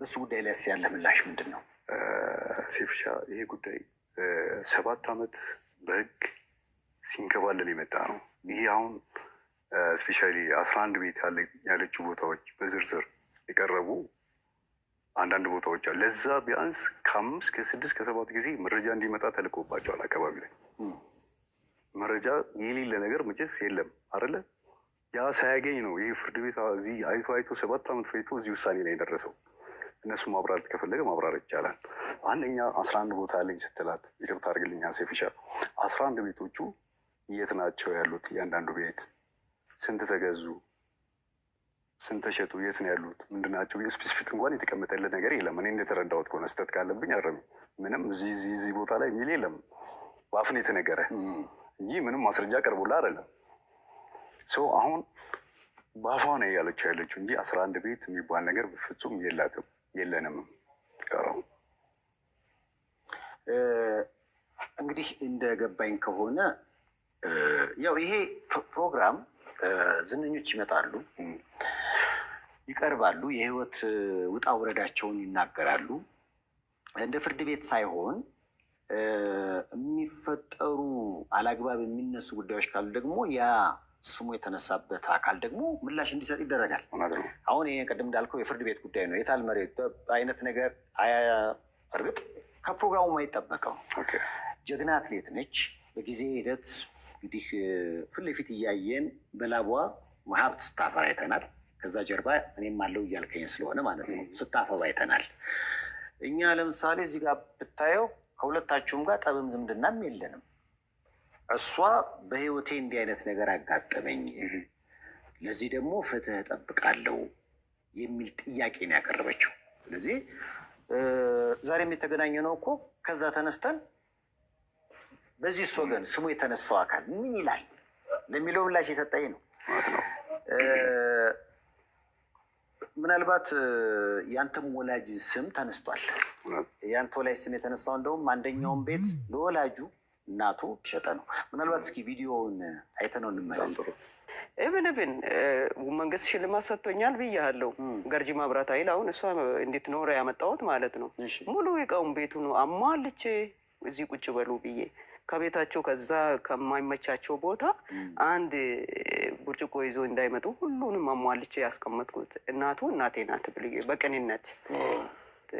በሱ ጉዳይ ላይ ያለ ምላሽ ምንድን ነው? ሴፍሻ ይሄ ጉዳይ ሰባት ዓመት በህግ ሲንከባለል የመጣ ነው። ይሄ አሁን ስፔሻሊ አስራ አንድ ቤት ያለችው ቦታዎች በዝርዝር የቀረቡ አንዳንድ ቦታዎች አሉ። ለዛ ቢያንስ ከአምስት ከስድስት ከሰባት ጊዜ መረጃ እንዲመጣ ተልኮባቸዋል። አካባቢ ላይ መረጃ የሌለ ነገር መቼስ የለም አይደለ? ያ ሳያገኝ ነው ይህ ፍርድ ቤት እዚህ አይቶ አይቶ ሰባት ዓመት ፈይቶ እዚህ ውሳኔ ላይ የደረሰው። እነሱ ማብራር ከፈለገ ማብራር ይቻላል። አንደኛ አስራ አንድ ቦታ አለኝ ስትላት ይቅርታ አድርግልኝ ሴፊሻ አስራ አንድ ቤቶቹ የት ናቸው ያሉት? እያንዳንዱ ቤት ስንት ተገዙ፣ ስንት ተሸጡ፣ የት ነው ያሉት፣ ምንድን ናቸው? ስፔሲፊክ እንኳን የተቀመጠልን ነገር የለም። እኔ እንደተረዳሁት ከሆነ ስህተት ካለብኝ አረሚ ምንም እዚህ እዚህ ቦታ ላይ የሚል የለም። በአፍን የተነገረ እንጂ ምንም ማስረጃ ቀርቦላ አይደለም። አሁን ባፏ ነው እያለች ያለችው እንጂ አስራ አንድ ቤት የሚባል ነገር በፍጹም የላትም የለንም። እንግዲህ እንደገባኝ ከሆነ ያው ይሄ ፕሮግራም ዝነኞች ይመጣሉ፣ ይቀርባሉ፣ የህይወት ውጣ ውረዳቸውን ይናገራሉ። እንደ ፍርድ ቤት ሳይሆን የሚፈጠሩ አላግባብ የሚነሱ ጉዳዮች ካሉ ደግሞ ያ ስሙ የተነሳበት አካል ደግሞ ምላሽ እንዲሰጥ ይደረጋል። አሁን ይሄ ቅድም እንዳልከው የፍርድ ቤት ጉዳይ ነው። የታል መሬት አይነት ነገር እርግጥ ከፕሮግራሙ አይጠበቀው። ጀግና አትሌት ነች። በጊዜ ሂደት እንግዲህ ፊት ለፊት እያየን በላቧ ሀብት ስታፈራ አይተናል። ከዛ ጀርባ እኔም አለው እያልከኝ ስለሆነ ማለት ነው ስታፈራ አይተናል። እኛ ለምሳሌ እዚህ ጋር ብታየው ከሁለታችሁም ጋር ጠብም ዝምድናም የለንም። እሷ በህይወቴ እንዲህ አይነት ነገር አጋጠመኝ፣ ለዚህ ደግሞ ፍትህ እጠብቃለሁ የሚል ጥያቄ ነው ያቀረበችው። ስለዚህ ዛሬም የተገናኘ ነው እኮ ከዛ ተነስተን በዚህ እሱ ወገን ስሙ የተነሳው አካል ምን ይላል ለሚለው ምላሽ የሰጠኝ ነው። ምናልባት ያንተም ወላጅ ስም ተነስቷል። ያንተ ወላጅ ስም የተነሳው እንደውም አንደኛውን ቤት ለወላጁ እናቱ ሸጠ ነው። ምናልባት እስኪ ቪዲዮውን አይተነው እንመለስ። ኢቨንቭን መንግስት ሽልማት ሰጥቶኛል ብያለሁ። ገርጂ መብራት አይል አሁን እሷ እንዴት ኖረ ያመጣሁት ማለት ነው። ሙሉ እቃውን ነው አሟልቼ እዚህ ቁጭ በሉ ብዬ ከቤታቸው ከዛ ከማይመቻቸው ቦታ አንድ ብርጭቆ ይዞ እንዳይመጡ ሁሉንም አሟልቼ ያስቀመጥኩት እናቱ እናቴ ናት ብዬ በቅንነት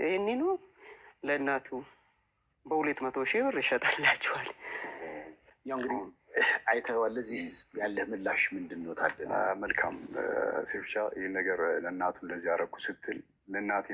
ይህንኑ ለእናቱ በሁለት መቶ ሺህ ብር ይሸጣላችኋል። ያው እንግዲህ አይተዋል። እዚህ ያለ ምላሽ ምንድን ነው ታድያ? መልካም ሴፍሻ ይህን ነገር ለእናቱ እንደዚህ አደረኩ ስትል ለእናቴ